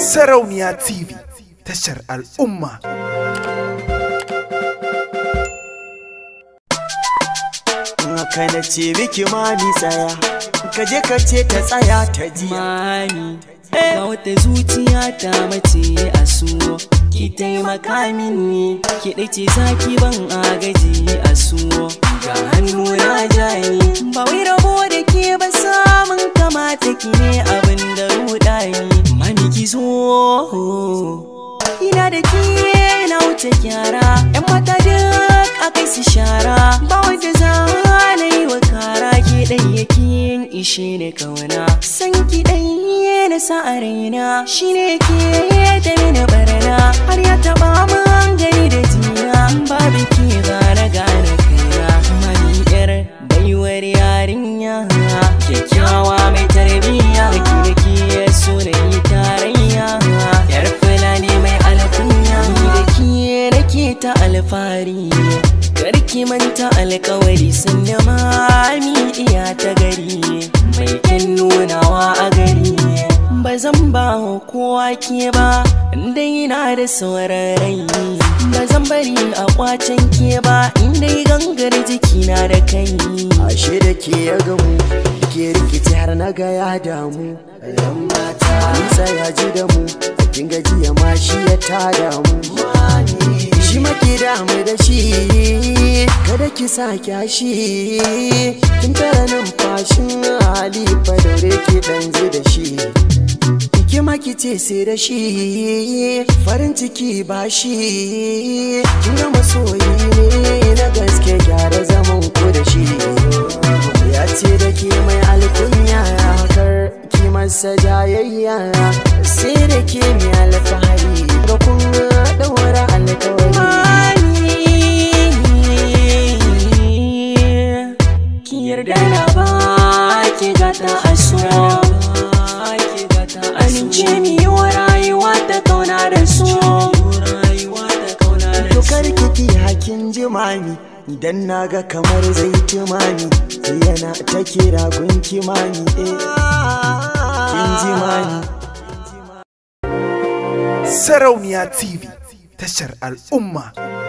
Sarauniya TV tashar al'umma. Ka na ce miki mami tsaya, ka je ka ce ta tsaya ta jiya. Mami, ga wata zuciya ta mace a suwa, ki taimaka mini, ki ɗace zaki ban agaji a suwa, ga hannu na jaya. shine kauna san ki yi na sa a raina shine ke da na barna har ya taba man gani da jina babu ki ba na gane kaina mani yar baiwar yarinya kyakkyawa mai tarbiyya ki da ki ya so yi tarayya yar fulani mai alkunya ni da ki nake ta alfari karki manta alkawari sun ma zan ba kowa ke ba inda yana da sauraron ba zan bari a kwacen ke ba inda yi gangar na da kai ashe da ke ya gamu ke rikici har na ga ya damu yan ta nisa ya ji da mu kin gaji ya ma shi ya ta damu shi maki damu da shi kada ki sa kyashi kin tara numfashin halifa da ki danzu da shi rikice sai da shi farin ciki ba shi kina masoyi ne na gaske gyara zaman ku da shi ya ce da ke mai alkunya kar ki masa jayayya sai da ke mai alfahari ga kun daura alkawari ki yarda na ba jimami idan na ga kamar zai jimami sai yana ta kira gun kimami eh kin jimami sarauniya tv tashar al'umma